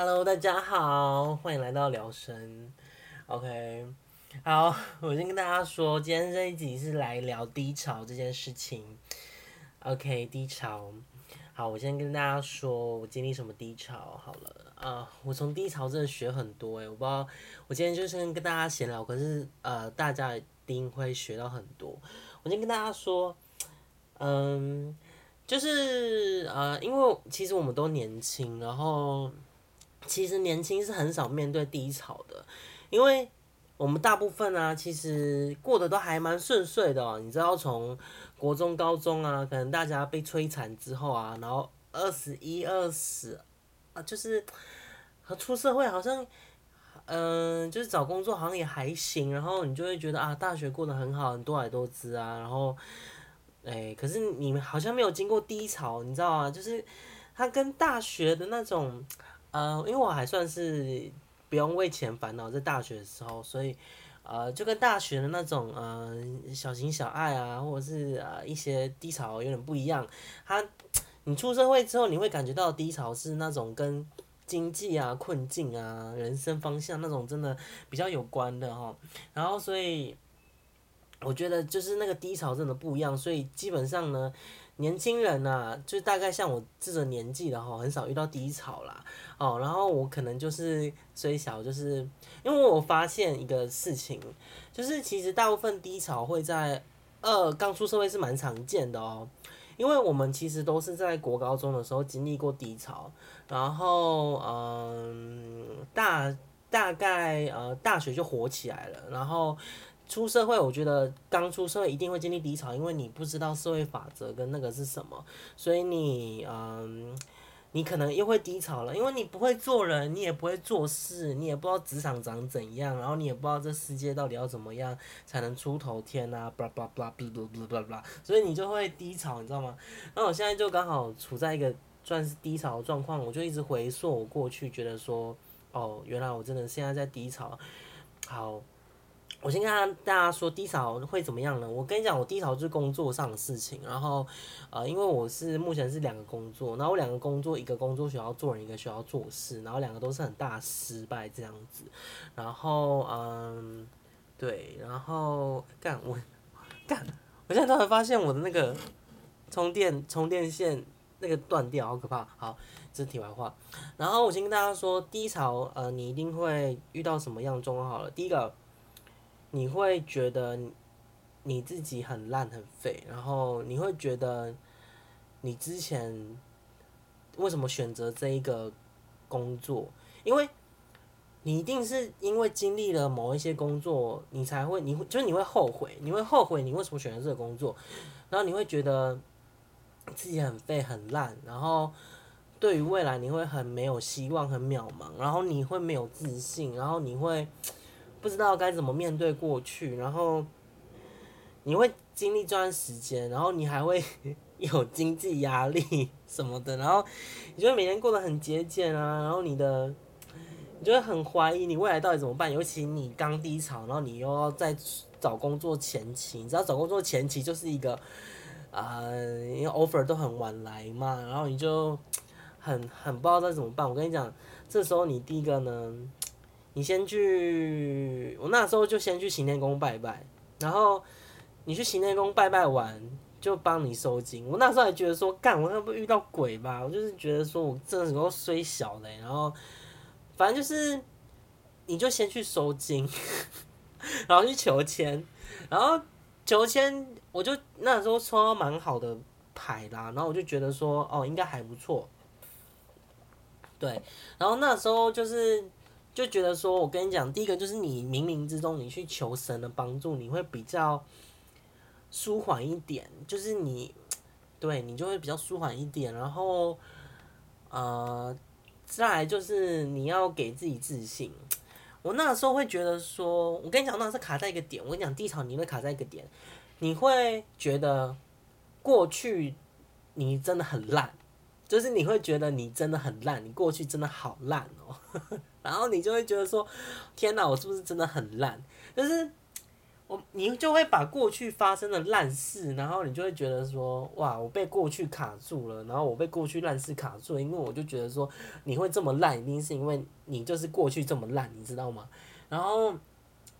Hello，大家好，歡迎來到聊療。OK，好，我先跟大家說，今天這一集是來聊低潮這件事情。OK，低潮，好，我先跟大家說，我經歷什麼低潮好了。啊、呃，我從低潮真的學很多誒、欸，我不知道，我今天就先跟大家閒聊，可是呃，大家一定會學到很多。我先跟大家說，嗯、呃，就是呃，因為其實我們都年輕，然後。其實年輕是很少面對低潮的，因為我們大部分啊，其實過得都還蠻順遂的哦、喔。你知道，從國中、高中啊，可能大家被摧殘之後啊，然後二十一、二十啊，就是和出社會好像，嗯、呃，就是找工作好像也還行，然後你就會覺得啊，大學過得很好，很多采多姿啊，然後，哎、欸，可是你們好像沒有經過低潮，你知道啊？就是他跟大學的那種。呃，因為我還算是不用為錢煩惱，在大學的時候，所以呃，就跟大學的那種呃小情小愛啊，或者是呃一些低潮有點不一樣。它，你出社會之後，你會感覺到低潮是那種跟經濟啊、困境啊、人生方向那種真的比較有關的齁。然後，所以我覺得就是那個低潮真的不一樣，所以基本上呢。年輕人吶、啊，就是大概像我這個年紀的吼，很少遇到低潮啦。哦，然後我可能就是雖小，就是因為我發現一個事情，就是其實大部分低潮會在二剛、呃、出社會是蠻常見的哦、喔，因為我們其實都是在國高中的時候經歷過低潮，然後嗯、呃，大大概呃大學就火起來了，然後。出社會，我覺得剛出社會一定會經歷低潮，因為你不知道社會法則跟那個是什麼，所以你嗯，你可能又會低潮了，因為你不會做人，你也不會做事，你也不知道職場長怎樣，然後你也不知道這世界到底要怎麼樣才能出頭天啊 blah blah blah，blah blah blah，所以你就會低潮，你知道嗎？那我現在就剛好處在一個算是低潮的狀況，我就一直回溯我過去，覺得說，哦，原來我真的現在在低潮，好。我先跟大家說低潮會怎麼樣呢？我跟你講，我低潮就是工作上的事情。然後，呃，因為我是目前是兩個工作，然後我兩個工作，一個工作需要做人，一個需要做事，然後兩個都是很大失敗這樣子。然後，嗯，對，然後幹我幹，我現在突然發現我的那個充電充電線那個斷掉，好可怕！好，這是題外話。然後我先跟大家說低潮，呃，你一定會遇到什麼樣狀況了？第一個。你會覺得你自己很爛很廢，然後你會覺得你之前為什麼選擇這一個工作？因為你一定是因為經歷了某一些工作，你才會，你會就是你會後悔，你會後悔你為什麼選擇這個工作，然後你會覺得自己很廢很爛，然後對於未來你會很沒有希望，很渺茫，然後你會沒有自信，然後你會。不知道該怎麼面對過去，然後你會經歷這段時間，然後你還會有經濟壓力什麼的，然後你就會每天過得很節儉啊，然後你的你就會很懷疑你未來到底怎麼辦，尤其你剛低潮，然後你又要在找工作前期，你知道找工作前期就是一個啊、呃，因為 offer 都很晚來嘛，然後你就很很不知道該怎麼辦。我跟你講，這時候你第一個呢。你先去，我那時候就先去行天宮拜拜，然後你去行天宮拜拜完，就幫你收金。我那時候還覺得說，幹，我那不遇到鬼吧？我就是覺得說，我這時候衰小嘞、欸，然後反正就是，你就先去收金， 然後去求籤，然後求籤，我就那時候抽到蠻好的牌啦、啊，然後我就覺得說，哦，應該還不錯。對，然後那時候就是。就覺得說，我跟你講，第一個就是你冥冥之中你去求神的幫助，你會比較舒緩一點。就是你，對你就會比較舒緩一點。然後，呃，再來就是你要給自己自信。我那時候會覺得說，我跟你講，那時候卡在一個點。我跟你講，低潮你會卡在一個點，你會覺得過去你真的很爛，就是你會覺得你真的很爛，你過去真的好爛哦。 然後你就會覺得說，天哪，我是不是真的很爛？就是我，你就會把過去發生的爛事，然後你就會覺得說，哇，我被過去卡住了，然後我被過去爛事卡住了，因為我就覺得說，你會這麼爛，一定是因為你就是過去這麼爛，你知道嗎？然後，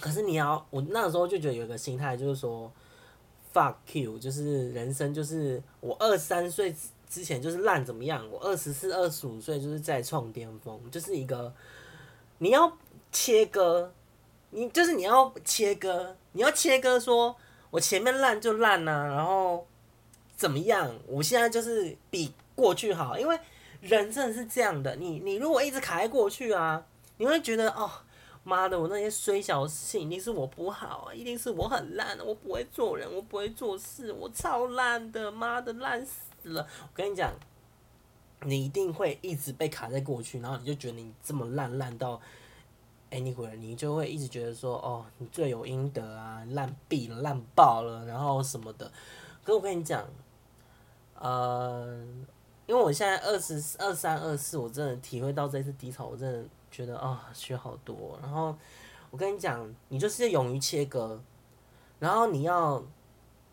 可是你要、啊，我那時候就覺得有一個心態就是說，fuck you，就是人生就是我二三歲之前就是爛怎麼樣，我二十四二十五歲就是再創巔峰，就是一個。你要切割，你就是你要切割，你要切割，說我前面爛就爛啊，然後怎麼樣？我現在就是比過去好，因為人生是這樣的。你你如果一直卡在過去啊，你會覺得哦，媽的，我那些衰小事一定是我不好，一定是我很爛，我不會做人，我不會做事，我超爛的，媽的爛死了！我跟你講。你一定會一直被卡在過去，然後你就覺得你這麼爛爛到，anyway，你就會一直覺得說，哦，你罪有應得啊，爛斃了，爛爆了，然後什麼的。可是我跟你講，呃，因為我現在二十二三二四，我真的體會到這次低潮，我真的覺得啊、哦，學好多。然後我跟你講，你就是要勇於切割，然後你要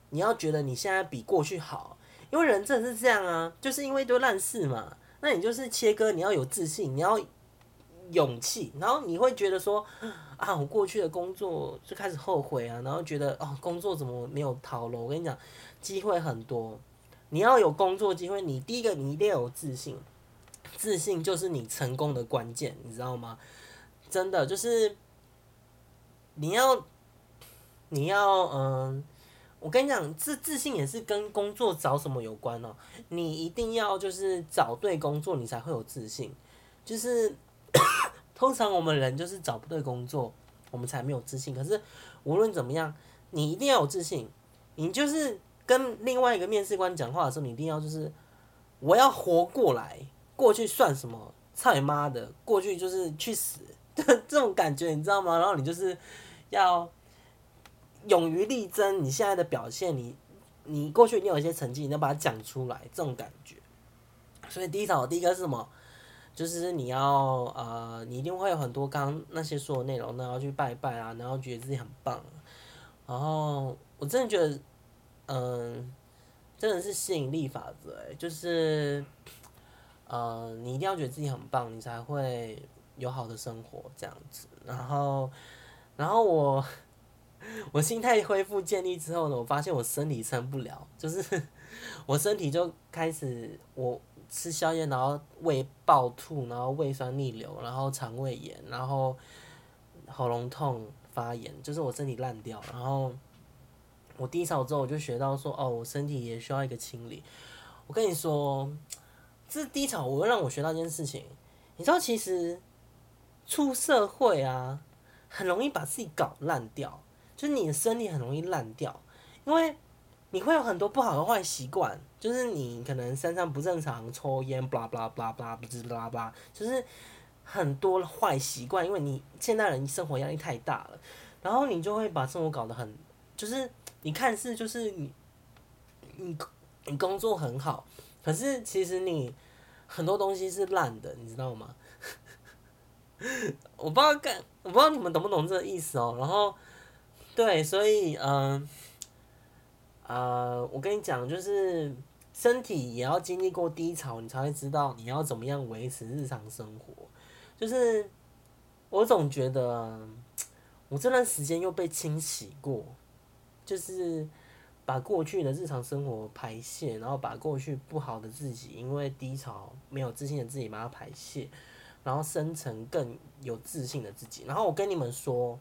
你要覺得你現在比過去好。因為人真的是這樣啊，就是因為一堆爛事嘛。那你就是切割，你要有自信，你要勇氣，然後你會覺得說，啊，我過去的工作就開始後悔啊，然後覺得哦，工作怎麼沒有淘了？我跟你講，機會很多，你要有工作機會，你第一個你一定要有自信，自信就是你成功的關鍵，你知道嗎？真的就是你要你要嗯。呃我跟你講，自自信也是跟工作找什麼有關哦。你一定要就是找對工作，你才會有自信。就是 通常我們人就是找不對工作，我們才沒有自信。可是無論怎麼樣，你一定要有自信。你就是跟另外一個面試官講話的時候，你一定要就是我要活過來，過去算什麼？操你媽的，過去就是去死。這種感覺你知道嗎？然後你就是要。勇於力爭，你現在的表現，你你過去你有一些成績，你能把它講出來，這種感覺。所以第一條，第一個是什麼？就是你要呃，你一定會有很多剛剛那些說的內容，然後去拜拜啊，然後覺得自己很棒。然後我真的覺得，嗯、呃，真的是吸引力法則欸，就是，呃，你一定要覺得自己很棒，你才會有好的生活這樣子。然後，然後我。我心態恢復建立之後呢，我發現我身體撐不了，就是我身體就開始我吃宵夜，然後胃爆吐，然後胃酸逆流，然後腸胃炎，然後喉嚨痛發炎，就是我身體爛掉。然後我低潮之後，我就學到說哦，我身體也需要一個清理。我跟你說，這是低潮我又讓我學到一件事情，你知道，其實出社會啊，很容易把自己搞爛掉。就是你的身體很容易爛掉，因為你會有很多不好的壞習慣，就是你可能身上不正常抽，抽菸，blah blah blah blah blah blah blah blah，就是很多壞習慣，因為你現代人生活壓力太大了，然後你就會把生活搞得很，就是你看似就是你，你你工作很好，可是其實你很多東西是爛的，你知道嗎？ 我不知道幹，我不知道你們懂不懂這個意思哦，然後。對，所以嗯，呃，呃，我跟你講，就是身體也要經歷過低潮，你才會知道你要怎麼樣維持日常生活。就是我總覺得，我這段時間又被清洗過，就是把過去的日常生活排泄，然後把過去不好的自己，因為低潮沒有自信的自己把它排泄，然後生成更有自信的自己。然後我跟你們說。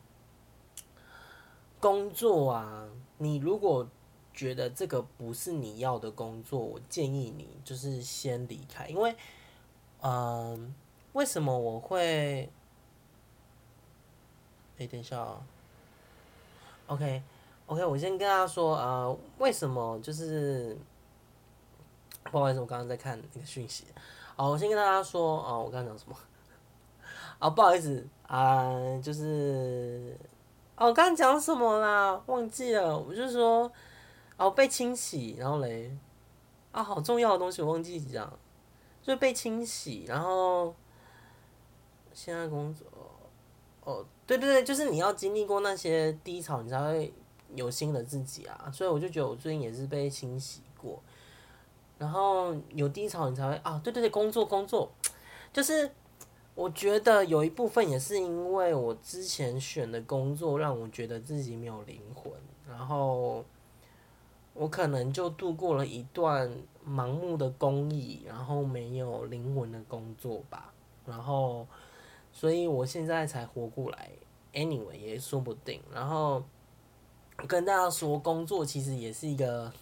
工作啊，你如果覺得這個不是你要的工作，我建議你就是先離開，因為，嗯，為什麼我會？哎，等一下啊，OK，OK，我先跟大家說，呃，為什麼就是，不好意思，我剛剛在看那個訊息。好，我先跟大家說，哦，我剛剛講什麼？啊，不好意思啊，就是。哦、我剛講什麼啦？忘記了，我就說，哦，被清洗，然後嘞，啊，好重要的東西我忘記講，就被清洗，然後，現在工作，哦，對對對，就是你要經歷過那些低潮，你才會有新的自己啊。所以我就覺得我最近也是被清洗過，然後有低潮你才會啊，對對對，工作工作，就是。我覺得有一部分也是因為我之前選的工作讓我覺得自己沒有靈魂，然後我可能就度過了一段盲目的工蟻、然後沒有靈魂的工作吧，然後所以我現在才活過來。Anyway，也說不定。然後跟大家說，工作其實也是一個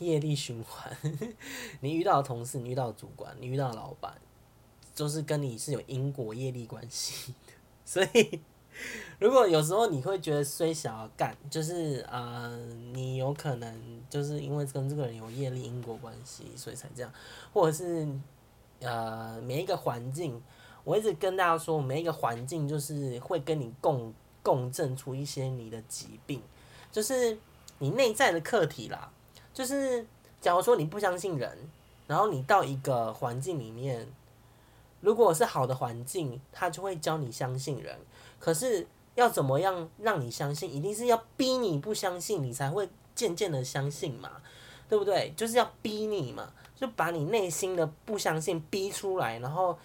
業力循環。 你遇到的同事、你遇到的主管、你遇到的老闆，就是跟你是有因果業力關係，所以如果有時候你會覺得衰小幹，就是嗯、呃，你有可能就是因為跟這個人有業力因果關係，所以才這樣，或者是呃，每一個環境，我一直跟大家說，每一個環境就是會跟你共共振出一些你的疾病，就是你內在的課題啦。就是假如說你不相信人，然後你到一個環境裡面。如果是好的環境，他就會教你相信人。可是要怎麼樣讓你相信？一定是要逼你不相信，你才會漸漸的相信嘛，對不對？就是要逼你嘛，就把你內心的不相信逼出來，然後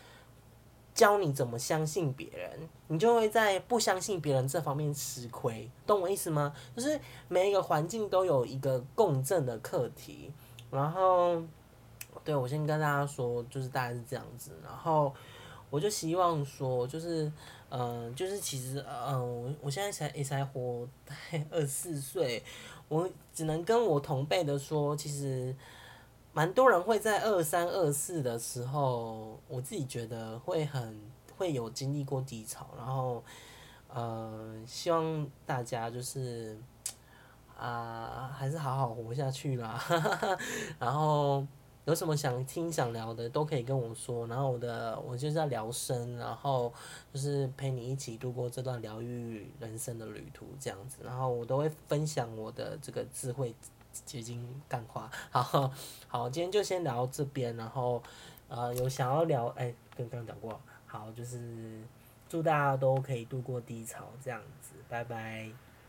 教你怎麼相信別人，你就會在不相信別人這方面吃虧，懂我意思嗎？就是每一個環境都有一個共振的課題，然後。對，我先跟大家說，就是大概是這樣子，然後我就希望說，就是，嗯、呃，就是其實，嗯、呃，我我現在才也、欸、才活二十四歲，我只能跟我同輩的說，其實，蠻多人會在二三二四的時候，我自己覺得會很會有經歷過低潮，然後，嗯、呃，希望大家就是，啊、呃，還是好好活下去啦，呵呵，然後。有什麼想聽、想聊的，都可以跟我說。然後我的，我就是要聊生，然後就是陪你一起度過這段療癒人生的旅途，這樣子。然後我都會分享我的這個智慧結晶幹話。好，好，今天就先聊到這邊。然後，呃，有想要聊，哎、欸，剛剛講過，好，就是祝大家都可以度過低潮，這樣子。拜拜。